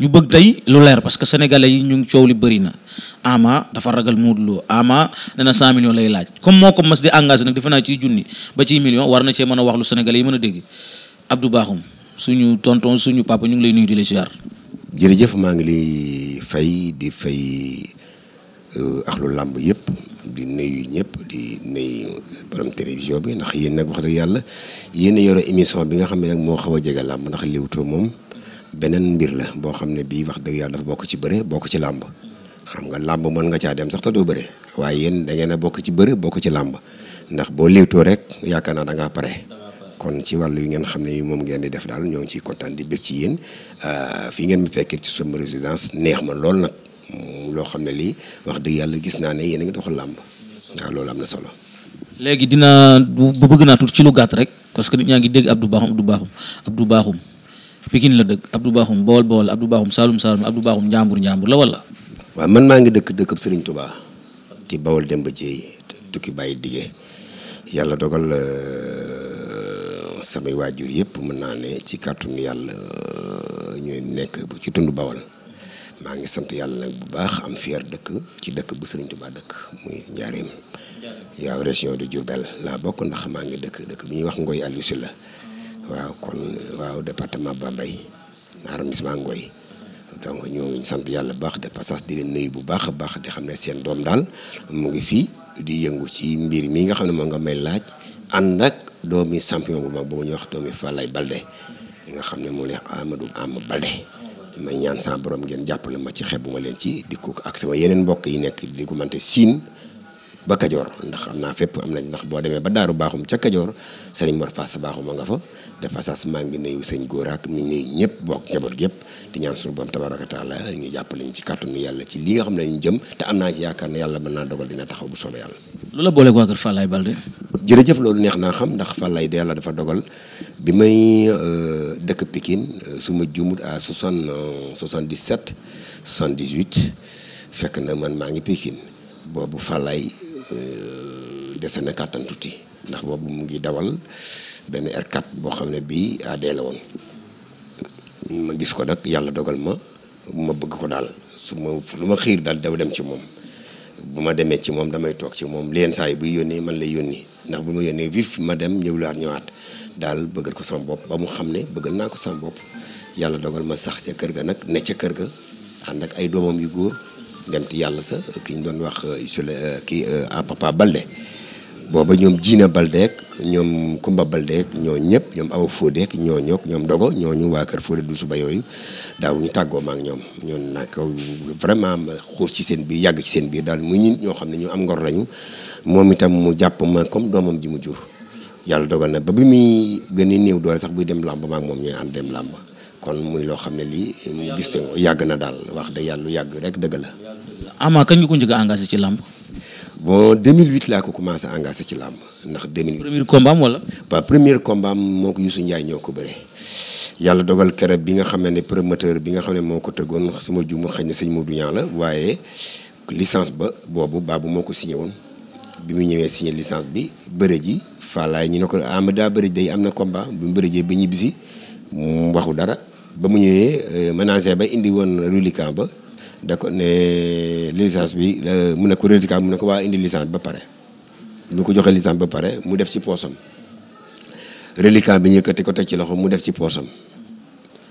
ñu bëgg tey lu leer parce que sénégalais yi ñu ngi coow li bëri na ama dafa ragal Modou Lo ama nee na lay laaj comme moo ko mas di engagé nag defe naa ciy junni ba ciy million war na cee mën a wax lu sénégalais yi mën a dégg Abdou Bakhoum suñu tonton suñu papa ñu ngi lay nuyu di la ziar. jërëjëf maa ngi lay fay di fay euh, ak lu làmb yëpp di nuyu ñëpp di nuyu borom télévision bi ndax yéen nag wax dëgg yàlla yéen yoro émission bi nga xam ne nag moo xaw a jege làmb ndax Leewtoo moom. beneen mbir la boo xam ne bii wax dëgg yàlla dafa bokk ci bëre bokk ci làmb xam nga làmb mën nga caa dem sax te doo bëre waaye yéen da ngeen a bokk ci bëre bokk ci làmb ndax boo léewtoo rek yaakaar naa da pare kon ci wàllu yi ngeen xam ne moom ngeen di def daal ñoo ciy kontaan di bëgg ci yéen euh, fii ngeen mu fekkee ci sama résidence neex ma lool nag mm, loo xam ne lii wax dëgg yàlla gis naa ne yéen a ngi doxal làmb waaw loolu am na solo. léegi dina bu bëgg naa tuuti ci lu gàtt rek parce que nit ñaa ngi dégg Abdou Bakhoum Abdou Bakhoum Abdou Bakhoum Pikine la dëkk Abdou Bakhoum Bawol Bawol Abdou Bakhoum Saloum Saloum Abdou Bakhoum Njambur Njambur la wala. waa man maa ngi dëkk dëkkab Serigne Touba ci Bawol Demba Dieye tukki bàyyi dige yàlla dogal euh, samay waajur yëpp mën naa ne ci kàttanu yàlla euh, ñooy nekk ci tund Bawol maa ngi sant yàlla nag bu baax am fier dëkk ci dëkk bu Serigne tubaa dëkk muy Njaareem. yaaw région de Diourbel laa bokk ndax maa ngi dëkk dëkk bi wax Ngoy Aliou Sylla la. waaw kon waaw département Bambey arrondissement Ngoy donc ñoo ngi sant yàlla bu baax de passage di leen nuyu bu baax a baax di xam ne seen doom daal mu ngi fii di yëngu ci mbir mii nga xam ne moo nga may laaj ànd ak doomi champion bu mag boobu ñuy wax doomi Falaye Balde nga xam ne moo lay amadu Am Balde may ñaan sama borom ngeen jàppale ma ci xeeb ma leen ci dikku ak sama yeneen mbokk yi nekk di ko mante siin ba Kajoor ndax am naa fépp am nañ ndax boo demee ba Daaru Baaxum ca Kajoor sëriñ Mor Fass Baaxum a nga fa de maa ngi nuyu sëñ góor ak ñu nuyu ñëpp bokk njaboot yëpp di ñaan suñu borom tabaraka taala ñu jàppale ñu ci kàttanu yàlla ci li nga xam ne ñu jëm te am naa ci yaakaar ne yàlla mën naa dogal dina taxaw bu soobee yàlla lu la booleeg waa kër Fallaye Balde jërëjëf loolu neex naa xam ndax Fallaye de yàlla dafa dogal bi may euh, dëkk Pikine euh, su ma jumut à soixante euh, soixante-dix-sept soixante-dix-huit fekk na man maa ngi Pikine boobu Fallaye Euh, dese na kàttan tuuti ndax boobu mu ngi dawal benn R4 boo xam ne bii AD la woon ma gis ko nag yàlla dogal ma ma bëgg ko daal su ma lu ma xiir daal daw dem ci moom bu ma demee ci moom damay toog ci moom leen saa yi buy yónnee man lay yónni ndax bu ma yónnee vif ma dem ñëwlaat ñëwaat daal bëggal ko sama bopp ba mu xam ne bëggal naa ko sama bopp yàlla dogal ma sax ca kër ga nag ne ca kër ga ànd ak ay doomam yu góor dem ci yàlla sa ki ñu doon wax euh, sule euh, kii à euh, ah, papa Balde booba ñoom Jiina Baldeek ñoom Kumba Baldeek ñoo ñëpp ñoom aw Fodeek ñoo ñook ñoom Dogo ñu waa kër Fodé du suba yooyu daaw ñu tàggoo ma ak ñoom ñoon nag vraiment ma xuus ci seen biir yàgg ci seen biir daal mu ñi ñoo xam ne ñu am ngor lañu moom itam mu jàpp ma comme doomam ji mu jur yàlla dogal na ba bi muy gën a néew doole sax buy dem làmb ma ak moom ñooy am dem làmb kon muy loo xam ne lii gis yàgg na daal wax de yàlla lu yàgg rek dëgg la Ama kañ nga ko njëkk a engagé ci làmb. bon 2008 laa ko commencé engagé ci làmb ndax 2008. premier combat am wala. waaw premier combat moo ko Youssou Ndiaye ñoo ko bëre yàlla dogal keroog bi nga xam ne promoteur bi nga xam ne moo ko tëggoon sama juum xëy na sëñ Modou Niang la waaye licence ba boobu bu moo ko signé woon bi mu ñëwee signé licence bi bëre ji Fallaye ñu ne ko ah ma daa bëre day am na combat bi mu bëre jee ba ñibbisi mu waxu dara ba mu ñëwee euh, manager ba indi woon reliquat ba. da ko ne licence bi mu ne ko reliquat mu ne ko waa indi licence ba pare mu ko joxe licence ba pare mu def ci poosam reliquat bi ñu ko teg ci loxo mu def ci poosam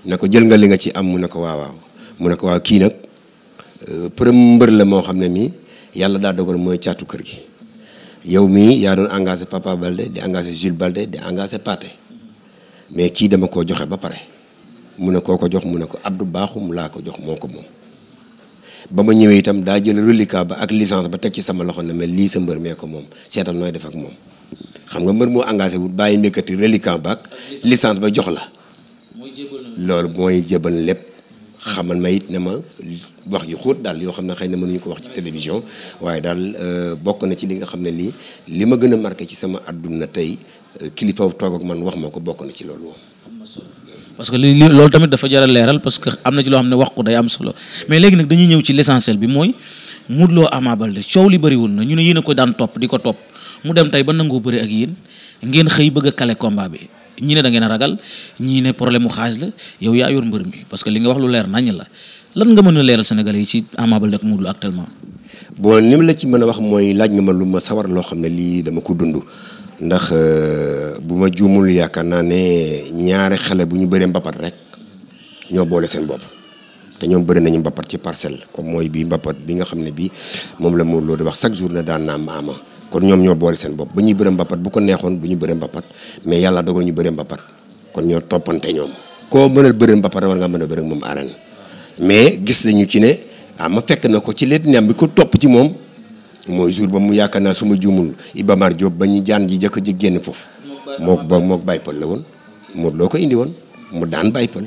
ne ko jël nga li nga ci am mu ne ko waaw mu ne ko waaw kii nag euh, përëm mbër la moo xam ne mii yàlla daa dogal mooy caatu kër gi yow mii yaa doon engagé Papa Balde di engagé Jules Balde di engagé Pathé mais kii dama ko joxe ba pare mu ne koo ko jox mu ne ko Abdou baaxum laa ko jox moo ko moom ba ma ñëwee itam daa jël reliquat ba ak licence ba teg ci sama loxo ne ma lii sa mbër mee ko moom seetal nooy def ak moom xam nga mbër moo engage wut bàyyi nekkati reliquat ba ak licence ba jox la loolu mooy jëbal lépp xamal ma it ne ma wax ju xóot daal yoo xam ne xëy na mënuñu ko wax ci télévision waaye daal euh, bokk na ci li nga xam ne lii li ma gën a marqué ci sama àdduna tey euh, kilifa toog ak man wax ma ko bokk na ci loolu moom parce que li loolu tamit dafa jar a leeral parce que am na ci loo xam ne wax ko day am solo mais léegi nag dañuy ñëw ci l'essentiel bi mooy Modou Lo Ama Baldé coow li bëri woon na ñu ne yéen a ko daan topp di ko topp mu dem tey ba nangoo bëri ak yéen ngeen xëy bëgg a kale combat bi ñii ne da ngeen a ragal ñii ne problème mu xaaj la yow yaa yor mbër mi parce que li nga wax lu leer nañ la lan nga mën a leeral Sénégalais yi ci Ama Baldé ak Modou Lo actuellement. bon ni la ci mën a wax mooy laaj nga ma lu ma loo xam ne lii dama ko dund ndax euh, bu ma juumul yaakaar naa ne ñaari xale bu ñu bëree mbapat rek ñoo boole seen bopp te ñoom bëri nañu mbapat ci parcelle comme mooy bii mbapat bi nga xam ne bii moom la mu Lo di wax chaque jour ne daan naa ma ama kon ñoom ñoo boole seen bopp ba ñuy bëree mbapat bu ko neexoon bu ñu bëree mbapat mais yàlla dogal ñu bëree mbapat kon ñoo toppante ñoom. koo mënal bëree mbapat war nga mën a bëri moom arène mais gis nañu ci ne ah ma fekk na ko ci leen bi ko topp ci moom. moo jour ba mu yaakaar naa suma ma juumul Iba Mar Diop ba ñu jaan ji jëkk ji génn foofu mook ba mook baypal la woon Modou loo ko indi woon mu daan baypal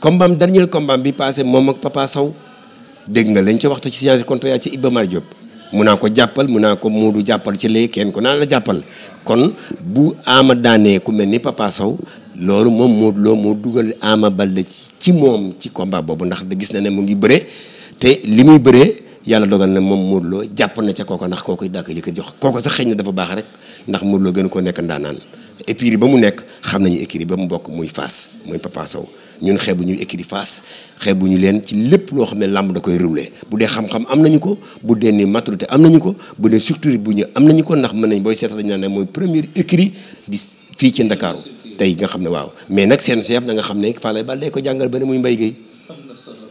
combat am dernier combat bi passé moom ak Papa Sow dégg nga lañ ca waxta ci signature contrat yaa ci Iba Mar Diop mu naa ko jàppal mu naa ko Modou jàppal ci lee kenn ko naan la jàppal kon bu Ama daanee ku mel ni Papa Sow loolu moom Modou Lo moo dugal Ama Baldé ci moom ci combat boobu ndax da gis na ne mu ngi bëre te li muy bëree yàlla dogal na moom Modou Lo jàpp na ca kooko ndax kooku daa ko yëkkat jox kooko sax xëy na dafa baax rek ndax Modou Lo gën koo nekk ndaanaan écurie ba mu nekk xam nañu écurie ba mu bokk muy Fass muy Papa Sow xeebu ñu écurie Fass xeebu ñu leen ci lépp loo xam ne làmb da koy roulé bu dee xam am nañu ko bu dee ni maturité am nañu ko bu dee structure bu ñu am nañu ko ndax mën nañ booy seetal dañu naan ne mooy première écurie di fii ci Ndakaaru tey nga xam ne waaw mais nag seen chef da nga xam ne Falaye Baldé ko jàngal ba ne muy mbay Guèye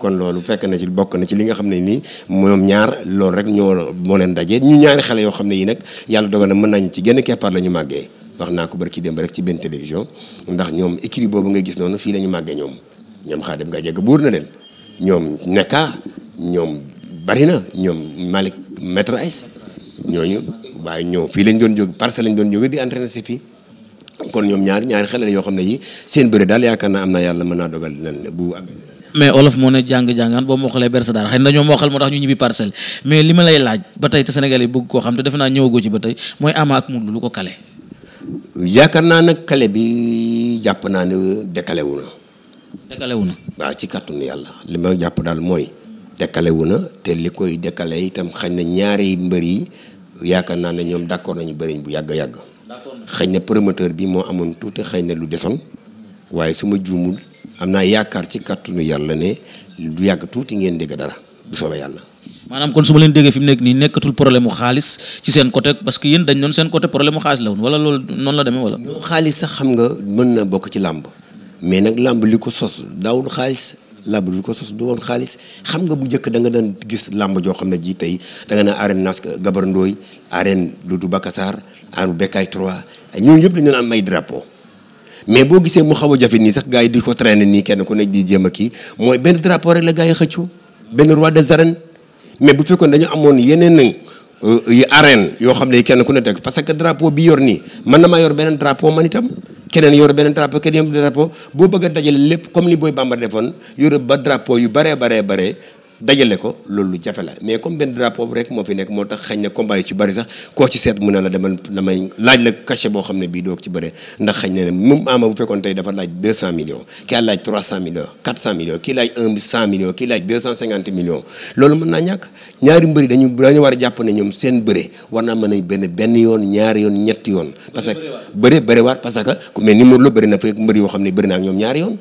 kon loolu fekk na ci bokk na ci li nga xam ne nii moom ñaar lool rek ñoo moo leen daje ñu ñaari xale yoo xam ne yi nag yàlla dogal na mën nañu ci génn keppaar la ñu màggee wax naa ko barki démb rek ci benn télévision ndax ñoom écrit boobu nga gis noonu fii la ñu màggee ñoom ñoom Xaadim nga jégg buur na leen ñoom nekka ñoom bari na ñoom Malick Maître Aïs ñooñu waaye ñoom fii lañ doon jóg parce que lañ doon jóge di entraîné si fii ñoom ñaari ñaari xale yoo xam ne yi seen bëre daal yaakaar naa am na yàlla mën naa dogal nan bu amee mais olof moo na jàng-jàngaan boo moxalee bersa daara xëy na dañoo moxal moo tax ñu ñibbi mais li ma lay laaj ba tey te Sénégal yi bëgg koo xam te defe mooy Ama ak lu ko kale naa nag kale bi jàpp naa ne décalé wu ci kàttanu yàlla li ma jàpp daal mooy décalé na te li koy itam xëy na ñaari mbër yi yaakaar naa ne ñoom d'accord nañu bëriñ bu yàgg yàgg xëy na promoteur bi moo amoon tuuti xëy na lu desoon waaye su ma juumul am naa yaakaar ci kàttanu yàlla ne du yàgg tuuti ngeen dégg dara du soobee yàlla. maanaam kon su ma leen déggee fi mu nekk nii nekkatul problème mu xaalis ci seen côté parce que yéen dañ doon seen côté problème mu xaalis la woon wala loolu noonu la demee wala. xaalis sax xam nga mën na bokk ci làmb mais nag làmb li ko sos daawul xaalis. làmb du ko sos du woon xaalis xam nga bu jëkk da nga daan gis làmb joo xam ne jii tey da nga naan arène nas gabar ndooy arène Dudu Bakassar arène Bekkaay 3 ñooñu yëpp dañu mais boo gisee mu xaw a jafe nii sax gars yi di ko traîner nii kenn ku nekk di jéem a kii mooy benn drapeau rek la gars yi xëccu benn roi des arènes mais bu fekkoon dañu amoon yeneen euh, yi arène yoo xam ne kenn ku ne teg parce que drapo bi yor nii man na maa yor beneen drapeau man itam keneen yor beneen drapeau keneen yor drapeau boo bëgg a lépp comme li booy bamba defoon yor ba drapeau yu baree baree baree dajale ko loolu lu jafe la mais comme benn drapeau rek moo fi nekk moo tax xañ na combat yi ci bëri sax koo ci seet mën na la damay laaj la cachet boo xam ne bii doog ci bëre ndax xañ na ne moom ama bu fekkoon tey dafa laaj deux cent millions kii laaj trois cent millions quatre cent millions kii laaj un cent millions kii laaj deux cent cinquante millions loolu mën naa ñàkk ñaari mbëri dañu war a jàpp ne ñoom seen bëre war naa mën a benn benn yoon ñaari yoon ñett yoon parce que bëre bëre waat parce que mais ni mu la bëri na fekk mbër yoo xam ne bëri naa ñoom ñaari yoon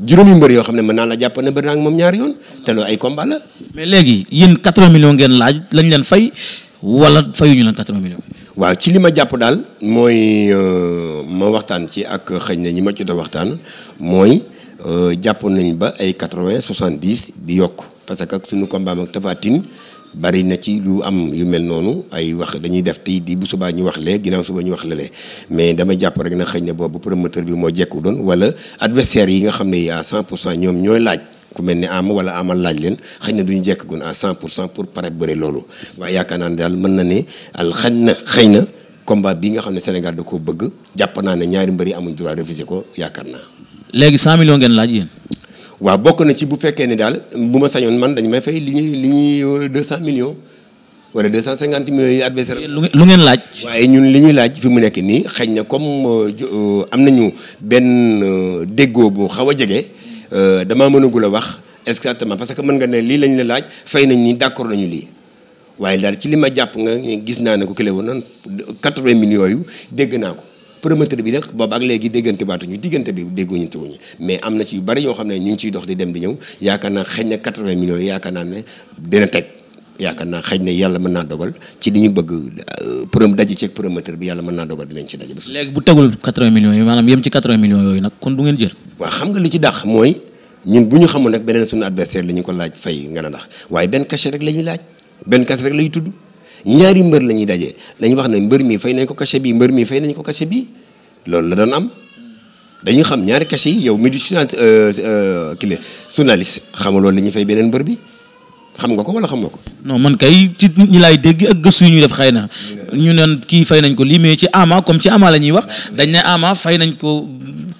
juróomi mbër yoo xam ne man naa la jàpp ne bëri naa moom ñaari yoon te loolu ay combat la. mais léegi yéen 80 millions ngeen laaj lañ leen fay wala fayuñu leen 80 millions. waaw ci li ma jàpp daal mooy euh, ma waxtaan ci ak xëy na ñi ma ci doon waxtaan mooy euh, jàpp nañ ba ay 80 70 di yokk parce que ak suñu combat ak Tapha Tine bari na ci lu am yu mel noonu ay wax dañuy def tey di bu subaa ñu wax lee ginnaaw suba ñu wax la mais dama jàpp rek na xëñ na boobu promoteur bi moo jekku doon wala adversaire yi nga xam ne à cent pour cent ñoom ñooy laaj ku mel ne am wala amal laaj leen xëy na duñu jekk à 100 pour cent pour pare bëre loolu yaakaar naa ne daal mën na ne al xañ na xëy na combat bi nga xam ne Sénégal da koo bëgg jàpp naa ne ñaari mbër yi amuñ droit refuser ko yaakaar naa léegi 100 millions gen laaj yéen waaw bokk na ci bu fekkee ne daal bu ma sañoon man dañu may fay li ñuy li ñuy euh, deux cent millions wala deux cent cinquante millions yi adversaire lu ngeen laaj waaye ñun li ñuy laaj fi mu nekk nii xëy na comme euh, euh, am na ñu benn déggoo bu xaw a jege damaa mënagul a wax exactement parce que mën nga ne lii lañ la laaj fay nañ ni d'accord nañu lii waaye daal ci li ma jàpp nga gis naa ne ko kële woon noonu quatre-vingts millions yu dégg naa ko promoteur bi nag boobu ak léegi déggante baatuñu diggante bi dégguñu tuuñu mais am na ci yu bari yoo xam ne ñu ngi ciy dox di di ñëw yaakaar naa xëy na 80 millions yaakaar naa ne dina teg yaakaar naa xëy na yàlla mën naa dogal ci li ñu bëgg euh, prom daje ceeg promoteur bi yàlla mën naa dogal dinañ ci daje. léegi bu tegul 80 millions yi maanaam yem ci 80 millions yooyu nag kon du ngeen jël. waaw xam nga li ci dàq mooy ñun bu ñu xamoon nag beneen suñu adversaire la ko laaj fay nga na ndax waaye benn cachet rek la ñuy laaj benn cachet rek la tudd ñaari mbër la ñuy daje dañuy wax ne mbër mi fay nañ ko cachet bii mbër mi fay nañ ko cachet bi loolu la doon am dañuy xam ñaari cachet yi yow mi di euh, euh, kile journaliste xamuloo li ñuy fay beneen mbër bi xam nga ko wala xam nga ko. non man kay ci ñi laay dégg ak gëstu yu ñuy def xëy na ñu neen kii fay nañ ko lii mais ci Ama comme ci Ama la ñuy wax dañ ne Ama fay nañ ko.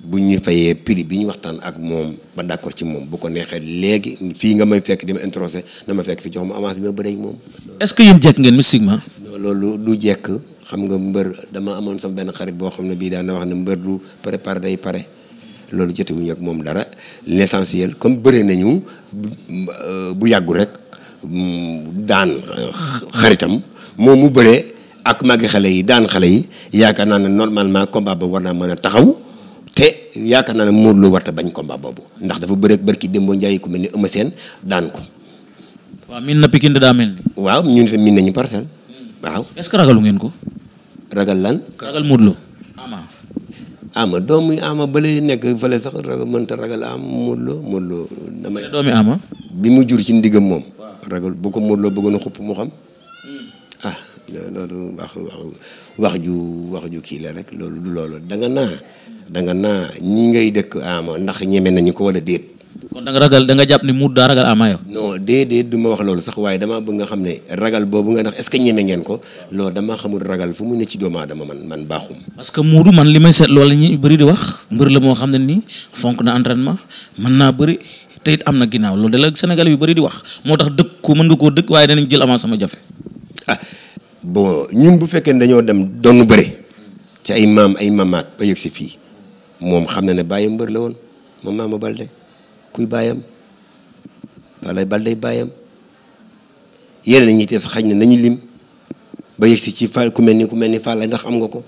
bu ñu fayee prix bi ñu waxtaan ak moom ba d'accord ci moom bu ko neexee léegi fii nga may fekk di ma introsé na ma fekk fi jox mu avance bi ma bëre ak moom. est-ce que yéen jekk ngeen mystiquement. non loolu jekk xam nga mbër dama amoon sama benn xarit boo xam ne bii daan wax ne mbër du préparé day pare loolu jotewuñu ak moom dara l'essentiel comme bëre nañu bu yàggu rek daan xaritam moom mu bëree ak màggi xale yi daan xale yi yaakaar naa ne normalement combat ba war naa mën a taxaw. te yaakaar naa ne Modou Lo warta bañ combat boobu ndax dafa bëreeg barki Demba Ndiaye ku mel ni Eumeu Sène daan ko. waaw miin na Pikine daa mel ni. waaw ñun itam miin nañu parcel waaw est-ce que ragalu ngeen ko. ragal lan. ragal Modou Lo. ama ama ama bële nekk fële sax ragal mënta ragal am Modou Lo Modou Lo bi mu jur ci ndiggam moom. ragal bu ko Modou Lo bëggoon a xupp mu xam hmm. ah. loolu wax wax ju wax ju kii la rek loolu du loolu da nga naa da nga naa ñi ngay dëkk ama ndax ñeme nañu ko wala déet. kon da nga ragal da nga jàpp ni muut daa ragal ama yow. non déedéet du ma wax loolu sax waaye damaa bëgg nga xam ne ragal boobu nga ndax est-ce que ñeme ngeen ko loolu damaa xamul ragal fu mu ne ci doomu aadama man man baaxum. parce que muudu man li may seet loolu ñi bëri di wax mbër la moo xam ne nii fonk na entraînement mën naa bëri. te it am na ginnaaw loolu de la Sénégal yu bëri di wax moo tax dëkk ko mën nga koo dëkk waaye danañ jël avance sama jafe ah, bon ñun bu fekkee ne dañoo dem doon bëre ci ay maam ay mamaat ba yëg si fii moom xam na ne bàyyi mbër la woon moom maama Balde kuy bàyyam wala Balde bàyyam yéen a ñuy tees xaj na nañu lim ba yëg si ci fal ku mel ni ku mel ni Falla ndax am nga ko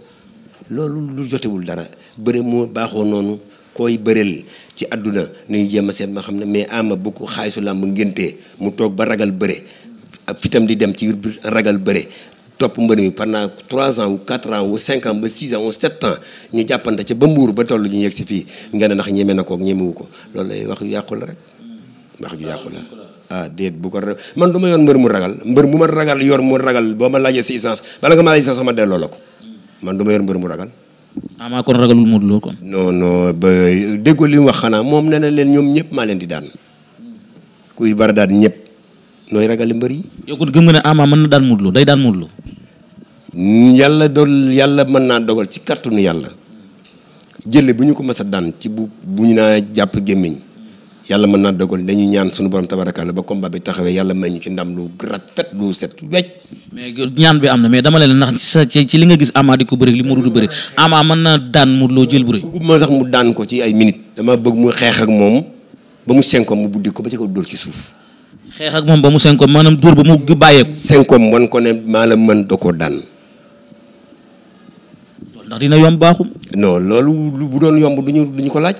loolu lu jotewul dara bëre moo baaxoo noonu koy bëreel ci àdduna nañu jéem a seet ma xam ne mais ama bu ko xaalisu làmb ngéntee mu toog ba ragal bëre ak fitam di dem ci ragal bëre topp mbër mi pendant trois ans ou quatre ans ou cinq ans ba six ans ou sept ans ñu jàppante ca ba mbuur ba toll ñu yegg si na ko wax ah bu ko man du ma yoon mbër mu ragal mbër mu ma ragal yor mu ragal boo ma laajee si essence bala ma laaj essence sama delloo la ma yoon mbër mu ragal. ah maa kon ragalul Modou Lo kon. non non ba déggoo li mu wax xanaa moom nee na leen ñoom ñëpp maa leen di daan kuy bari daan ñëpp nooy ragal mbër yi. yow kon gëm nga ne Ama mën na daan Modou Lo day daan Modou Lo. yàlla dool yàlla mën naa dogal ci kàttanu yàlla jële bu ñu ko mës a daan ci bu bu ñu naa jàpp gémmiñ yàlla mën naa dogal dañuy ñaan suñu borom tabarakalla ba combat bi taxawee yàlla may ñu ci ndam lu rafet lu set wecc mais ñaan bi am na mais dama leen ndax sa ci li nga gis amaa di ko bëri li mu du bëri Ama mën naa daan mu loo jël bu rëy bëgguma sax mu daan ko ci ay minutes dama bëgg mu xeex ak moom ba mu senkom mu buddi ko ba ci ko dóor ci suuf xeex moom ba mu senkom maanaam dóor ba mu bàyyeeku senkom wan ko ne maa la mën da koo daan ndax dina yomb baaxum. non loolu bu doon yomb duñu ñu ko laaj.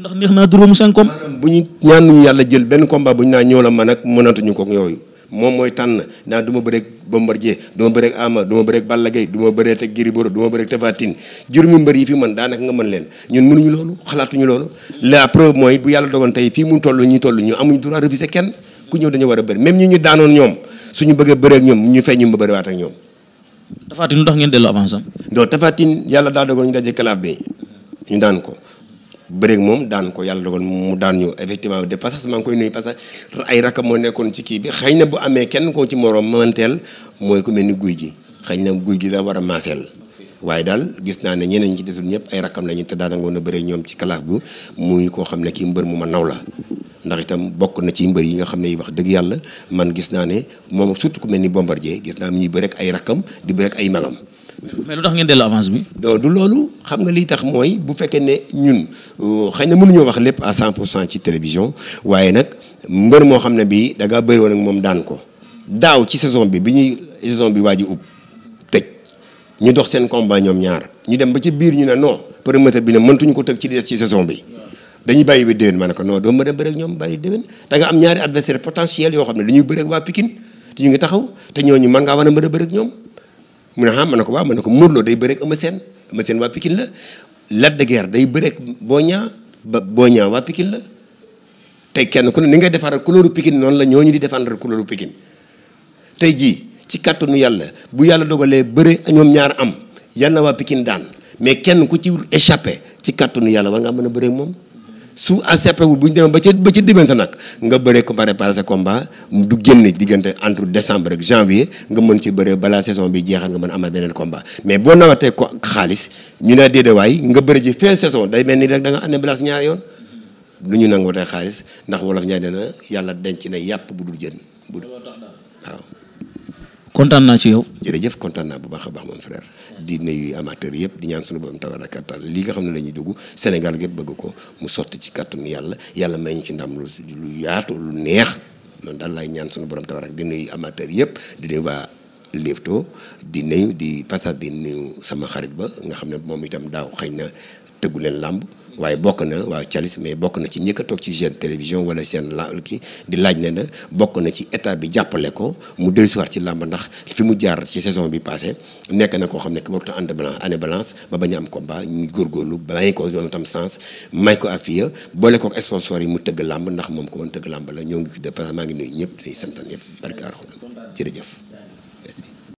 ndax neex naa juróom cinq combat. bu ñu ñaanuñu yàlla jël benn combat bu ñu naan ñoo la man ak mënatuñu ko yooyu moom mooy tànn naa du ma bëreeg Bombardier du ma bëreeg Ama du ma bëreeg Balla Gaye du ma bëreeg ak Gris Bordeaux du juróomi mbër yi fi man daanaka nga mën leen ñun mënuñu loolu xalaatuñu loolu la preuve mooy bu yàlla dogoon tey fii mu toll ñu toll ñu amuñu droit refuser kenn ku ñëw dañu war a même ñi ñu daanoon ñoom suñu bëggee bëreeg ñoom ñu fay ñu ma bëriwaat ak ñoom Tapha Tine lu tax ngeen delloo avance am. donc Tapha yàlla daa dogal ñu daje kalaaf bi ñu daan ko bëreeg moom daan ko yàlla dogal mu daan ñu effectivement de passage maa ngi koy nii parce que ay rakam moo nekkoon ci kii bi xëy na bu amee kenn koo ci moroom mënteel mooy ku mel ni guy gi xëy na guy gi la war a maaseel. waaye daal gis naa ne ñeneen ñi ci desul ñëpp ay rakam lañu te daanaka woon na bëre ñoom ci kalaaf bu muy koo xam ne kii mbër mu ma naw la. ndax itam bokk na ci mbër yi nga xam ne wax dëgg yàlla man gis naa ne moom surtout ko mel ni Bombardier gis naa ñuy bëre ak ay rakkam di bëre ak ay magam. mais lu tax ngeen dellu avance bi. non du loolu xam nga liy tax mooy bu fekkee ne ñun euh, xëy na mënuñoo wax lépp à 100 pour cent ci télévision waaye nag mbër moo xam ne bii da ngaa bëri woon moom daan ko daaw ci saison bi bi ñuy saison bi waa ji ub tëj ñu dox seen combat ñoom ñaar ñu dem ba ci biir ñu ne non promoteur bi ne mëntuñu ko tëg ci des ci saison bi. dañuy bàyyi ba déwén ma ne ko non doo mën a bëre ak ñoom bàyyi déwén da nga am ñaari adversaire potentiel yoo xam ne dañuy bëre waa Pikine te ñu ngi taxaw te ñooñu mën ngaa war a mën a ñoom mu ne ah, ma ne ko waaw ma ne ko Modou Lo day bëre ak Eumeu Sène Eumeu Sène waa Pikine la Lac de day bëre ak Boy ba Boy Niang waa la tey kenn ku ne ni ngay defaral couleur Pikine noonu la ñooñu di défendre couleur Pikine tey jii ci kàttanu yàlla bu yàlla dogalee bëre ñoom ñaar am yal na daan mais kenn ku ci échappé ci kàttanu yàlla war ngaa mën a bëre moom su accepté wul bu ñu demee ba ca ba ca diggante nag nga bëree ko préparer sa combat du génn diggante entre décembre ak janvier nga mën ci bëree balaa saison bi jeexal nga mën amal beneen combat mais boo nawatee ko xaalis ñu ne déedéewaay nga bëri ji fin saison day mel nii rek da nga année blanche ñaari yoon lu ñu nangu watee xaalis ndax wolof ñaar nee na yàlla denc na yàpp bu dul jën bu waaw. kontaan naa ci yow. jërëjëf kontaan naa bu baax a baax moom frère. di nuyu amateur yëpp di ñaan suñu borom tabaaraka kattan li nga xam ne lañuy dugg Sénégal gépp bëgg ko mu sotti ci kàttanu yàlla yàlla may ñu ci ndam lu lu yaatu lu neex noonu daal lay ñaan suñu borom tabaaraka di nuyu amateur yëpp di nuyu baa Leewtoo di nuyu di passage di nuyu sama xarit ba nga xam ne moom itam daaw xëy na tëggu leen làmb waaye bokk na waa Thialis mais bokk na ci ñi ko toog ci chaîne télévision wala seen la ki di laaj ne na bokk na ci état bi jàppale ko mu dellusiwaat ci làmb ndax fi mu jaar ci saison bi passé nekk na koo xam ne warut a ànd balance année balance ba bañ a am combat ñu góorgóorlu may ko moom tam sens may ko affiya boole ko sponsor yi mu tëgg làmb ndax moom ko woon tëgg làmb la ñoo ngi de parce que maa ngi nuyu ñëpp day santan ñëpp barke alxuraan jërëjëf